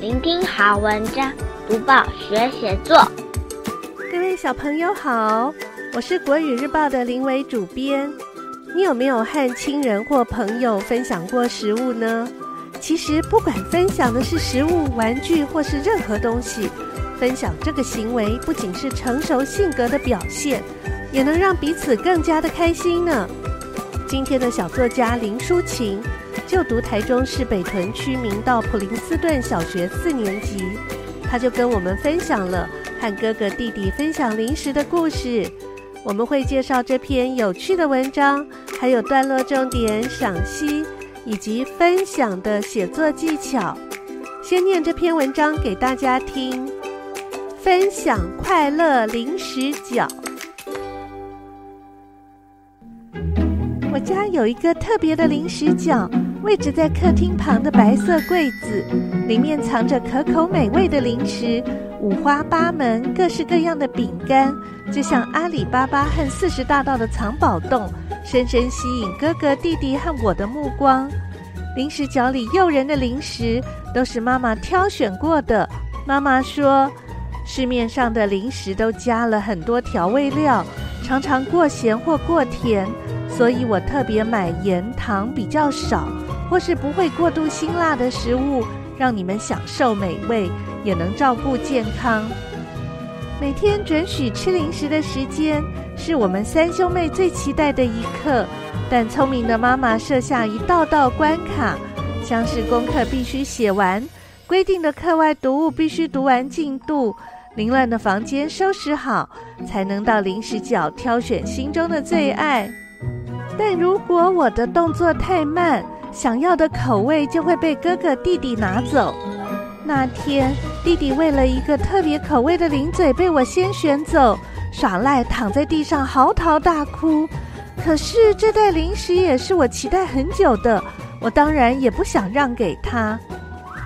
聆聽好文章，讀報學寫作。各位小朋友好，我是國語日報的林偉主編。你有沒有和親人或朋友分享過食物呢？其實，不管分享的是食物、玩具或是任何東西，分享這個行為不僅是成熟性格的表現，也能讓彼此更加的開心呢。今天的小作家林淑琴。就讀臺中市北屯區明道普林斯頓小學四年級，他就跟我們分享了和哥哥弟弟分享零食的故事。我們會介紹這篇有趣的文章，還有段落重點賞析以及分享的寫作技巧。先念這篇文章給大家聽，分享快樂零食角。我家有一個特別的零食角。位置在客廳旁的白色櫃子，裡面藏着可口美味的零食，五花八門、各式各樣的餅乾，就像阿里巴巴和四十大盜的藏寶洞，深深吸引哥哥、弟弟和我的目光。零食角裡誘人的零食都是媽媽挑選過的。媽媽說，市面上的零食都加了很多調味料，常常過鹹或過甜，所以我特別買鹽糖比較少，或是不會過度辛辣的食物，讓你們享受美味，也能照顧健康。每天准許吃零食的時間，是我們三兄妹最期待的一刻。但聰明的媽媽設下一道道關卡，像是功課必須寫完，規定的課外讀物必須讀完進度，凌亂的房間收拾好，才能到零食角挑選心中的最愛。但如果我的動作太慢，想要的口味就會被哥哥弟弟拿走。那天，弟弟為了一個特別口味的零嘴被我先選走，耍賴躺在地上嚎啕大哭。可是這袋零食也是我期待很久的，我當然也不想讓給他。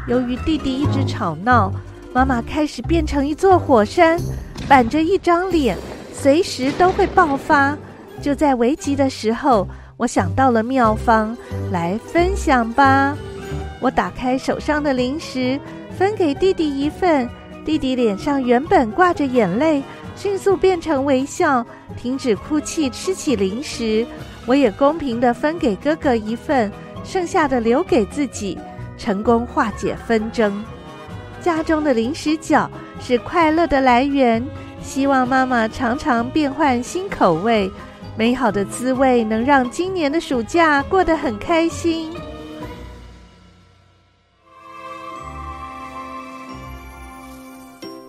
由於弟弟一直吵鬧，媽媽開始變成一座火山，板着一張臉，隨時都會爆發。就在危急的時候。我想到了妙方，來分享吧。我打開手上的零食，分給弟弟一份。弟弟臉上原本掛着眼淚，迅速變成微笑，停止哭泣，吃起零食。我也公平地分給哥哥一份，剩下的留給自己，成功化解紛爭。家中的零食角是快樂的來源，希望媽媽常常變換新口味。美好的滋味能讓今年的暑假過得很開心。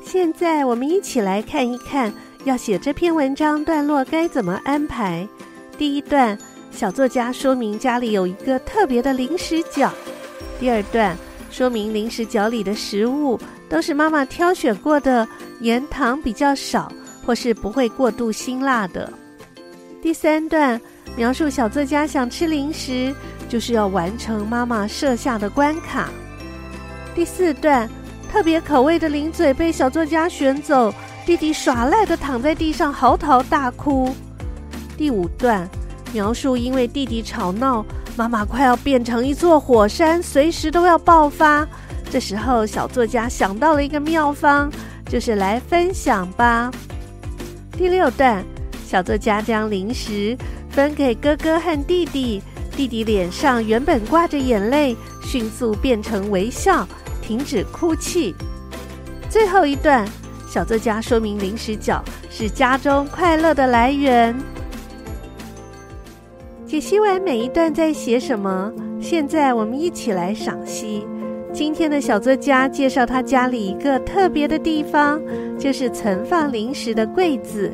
現在我們一起來看一看，要寫這篇文章段落該怎麼安排。第一段，小作家說明家裡有一個特別的零食角。第二段，說明零食角裡的食物都是媽媽挑選過的，鹽糖比較少，或是不會過度辛辣的。第三段，描述小作家想吃零食，就是要完成媽媽設下的關卡。第四段，特別口味的零嘴被小作家選走，弟弟耍賴的躺在地上嚎啕大哭。第五段，描述因為弟弟吵鬧，媽媽快要變成一座火山，隨時都要爆發。這時候小作家想到了一個妙方，就是來分享吧。第六段。小作家將零食分給哥哥和弟弟，弟弟臉上原本掛着眼淚，迅速變成微笑，停止哭泣。最後一段，小作家說明零食角是家中快樂的來源。解析完每一段在寫什麼，現在我們一起來賞析。今天的小作家介紹他家裡一個特別的地方，就是存放零食的櫃子。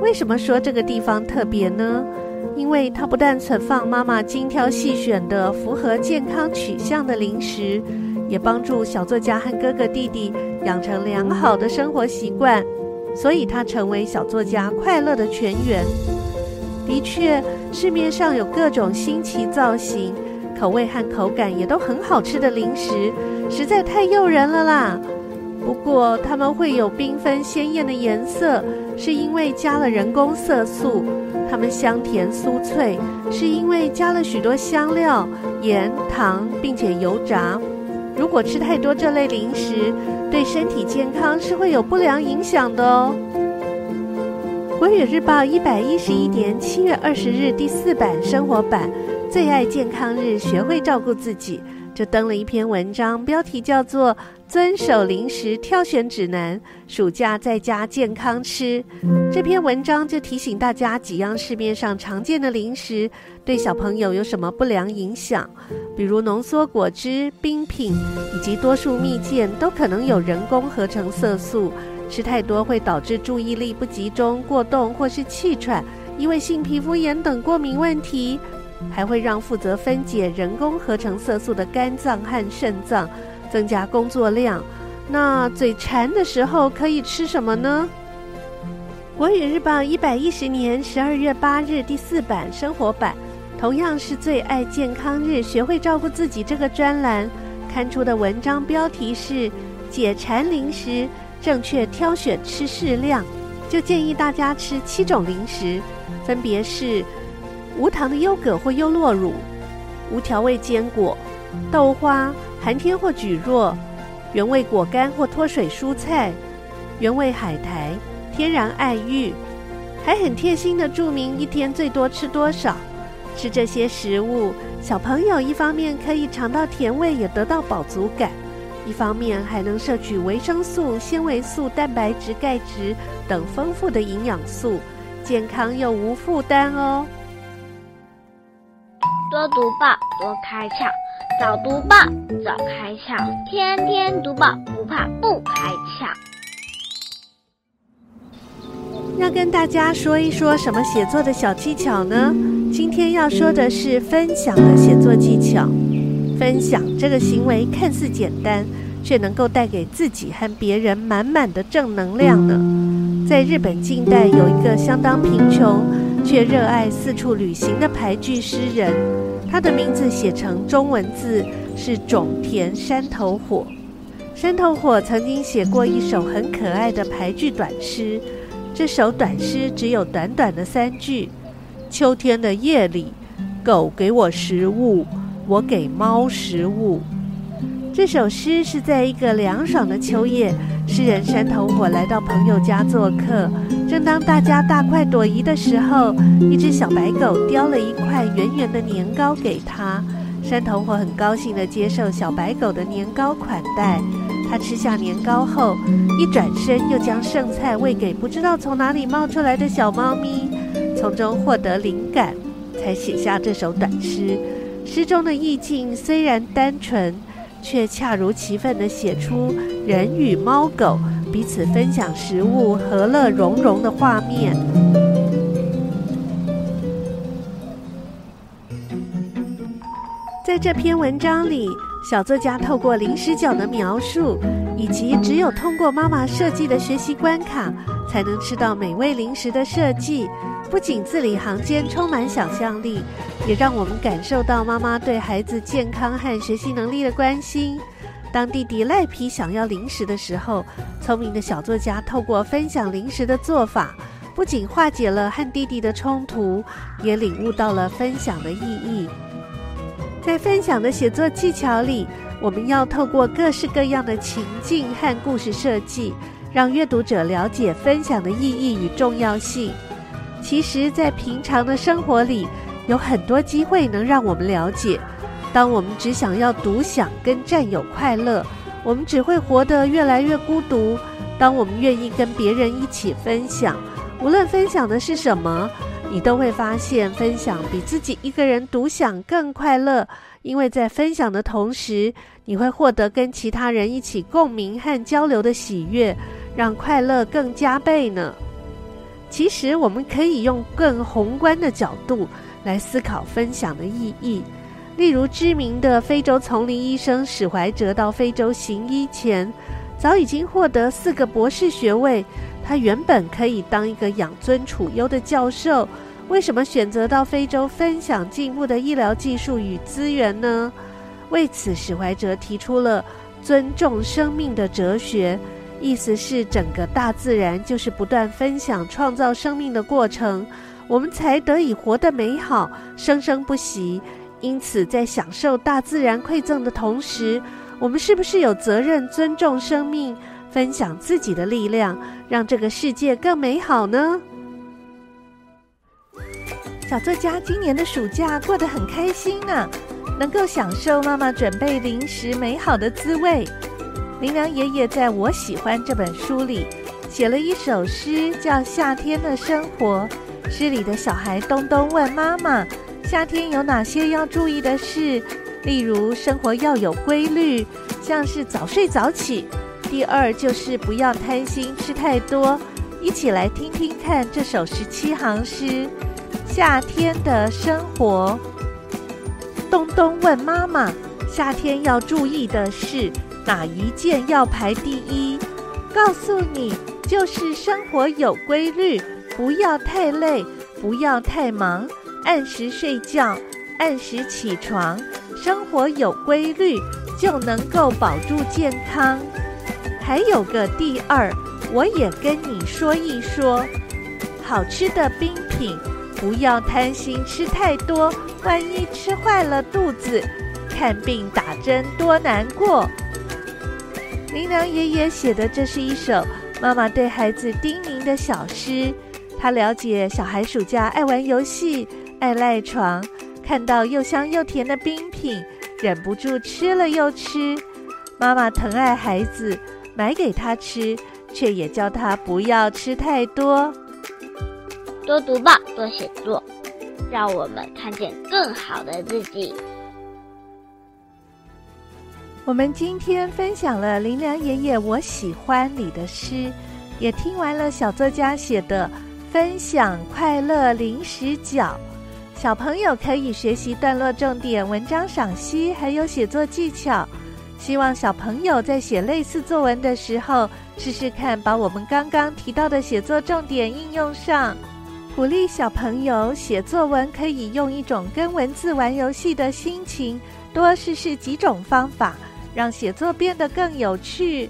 為什麼說這個地方特別呢？因為它不但存放媽媽精挑細選的符合健康取向的零食，也幫助小作家和哥哥弟弟養成良好的生活習慣，所以它成為小作家快樂的泉源。的確，市面上有各種新奇造型、口味和口感也都很好吃的零食，實在太誘人了啦！不過，它們會有繽紛鮮豔的顏色，是因為加了人工色素；它們香甜酥脆，是因為加了許多香料、鹽、糖，並且油炸。如果吃太多這類零食，對身體健康是會有不良影響的哦。《國語日報》一百一十一年七月二十日第四版，生活版，最愛健康日，學會照顧自己。就登了一篇文章，標題叫做《遵守零食挑選指南：暑假在家健康吃》。這篇文章就提醒大家幾樣市面上常見的零食對小朋友有什麼不良影響，比如濃縮果汁、冰品以及多數蜜餞都可能有人工合成色素，吃太多會導致注意力不集中、過動或是氣喘、異位性皮膚炎等過敏問題。還會讓負責分解人工合成色素的肝臟和腎臟增加工作量。那嘴饞的時候可以吃什麼呢？《國語日報》一百一十年十二月八日第四版生活版，同樣是最愛健康日，學會照顧自己這個專欄刊出的文章標題是“解饞零食，正確挑選吃適量”，就建議大家吃七種零食，分別是。無糖的優格或優酪乳，無調味堅果、豆花、寒天或蒟蒻、原味果乾或脫水蔬菜、原味海苔、天然愛玉，還很貼心的注明一天最多吃多少。吃這些食物，小朋友一方面可以嘗到甜味，也得到飽足感；一方面還能攝取維生素、纖維素、蛋白質、鈣質等豐富的營養素，健康又無負擔哦。多讀報，多開竅；早讀報，早開竅；天天讀報，不怕不開竅。要跟大家說一說什麼寫作的小技巧呢？今天要說的是分享的寫作技巧。分享這個行為看似簡單，卻能夠帶給自己和別人滿滿的正能量呢。在日本近代有一個相當貧窮。卻熱愛四處旅行的俳句詩人，他的名字寫成中文字是種田山頭火。山頭火曾經寫過一首很可愛的俳句短詩，這首短詩只有短短的三句：秋天的夜裡，狗給我食物，我給貓食物。這首詩是在一個涼爽的秋夜。詩人山頭火來到朋友家做客，正當大家大快朵頤的時候，一只小白狗叼了一塊圓圓的年糕給他。山頭火很高興的接受小白狗的年糕款待，他吃下年糕後，一轉身又將剩菜餵給不知道從哪裡冒出來的小貓咪，從中獲得靈感，才寫下這首短詩。詩中的意境雖然單純，卻恰如其分的寫出。人與貓狗彼此分享食物，和樂融融的畫面。在這篇文章裡，小作家透過零食角的描述，以及只有通過媽媽設計的學習關卡，才能吃到美味零食的設計，不僅字裡行間充滿想象力，也讓我們感受到媽媽對孩子健康和學習能力的關心。當弟弟賴皮想要零食的時候，聰明的小作家透過分享零食的做法，不僅化解了和弟弟的衝突，也領悟到了分享的意義。在分享的寫作技巧裡，我們要透過各式各樣的情境和故事設計，讓閱讀者了解分享的意義與重要性。其實在平常的生活裡，有很多機會能讓我們了解。當我們只想要獨享跟占有快樂，我們只會活得越來越孤獨。當我們願意跟別人一起分享，無論分享的是什麼，你都會發現分享比自己一個人獨享更快樂，因為在分享的同時，你會獲得跟其他人一起共鳴和交流的喜悅，讓快樂更加倍呢。其實，我們可以用更宏觀的角度來思考分享的意義。例如，知名的非洲叢林醫生史懷哲到非洲行醫前，早已經獲得四個博士學位。他原本可以當一個養尊處優的教授，為什麼選擇到非洲分享進步的醫療技術與資源呢？為此，史懷哲提出了尊重生命的哲學，意思是整個大自然就是不斷分享創造生命的過程，我們才得以活得美好，生生不息。因此，在享受大自然饋贈的同時，我們是不是有責任尊重生命，分享自己的力量，讓這個世界更美好呢？小作家今年的暑假過得很開心呢，啊，能夠享受媽媽準備零食美好的滋味。林良爺爺在我喜歡這本書裡寫了一首詩，叫《夏天的生活》。詩裡的小孩東東問媽媽，夏天有哪些要注意的事？例如，生活要有規律，像是早睡早起。第二就是不要貪心，吃太多。一起來聽聽看這首十七行詩《夏天的生活》。東東問媽媽：“夏天要注意的事，哪一件要排第一？”告訴你，就是生活有規律，不要太累，不要太忙。按時睡覺，按時起床，生活有規律，就能夠保住健康。還有個第二，我也跟你說一說。好吃的冰品，不要貪心吃太多，萬一吃壞了肚子，看病打針多難過。林良爺爺寫的這是一首媽媽對孩子叮嚀的小詩，他了解小孩暑假愛玩遊戲，愛賴床，看到又香又甜的冰品，忍不住吃了又吃。媽媽疼愛孩子，買給他吃，卻也教他不要吃太多。多讀報，多寫作，讓我們看見更好的自己。我們今天分享了林良爺爺《我喜歡》裡的詩，也聽完了小作家寫的《分享快樂零食角》。小朋友可以學習段落重點、文章賞析，還有寫作技巧。希望小朋友在寫類似作文的時候，試試看把我們剛剛提到的寫作重點應用上。鼓勵小朋友寫作文，可以用一種跟文字玩遊戲的心情，多試試幾種方法，讓寫作變得更有趣。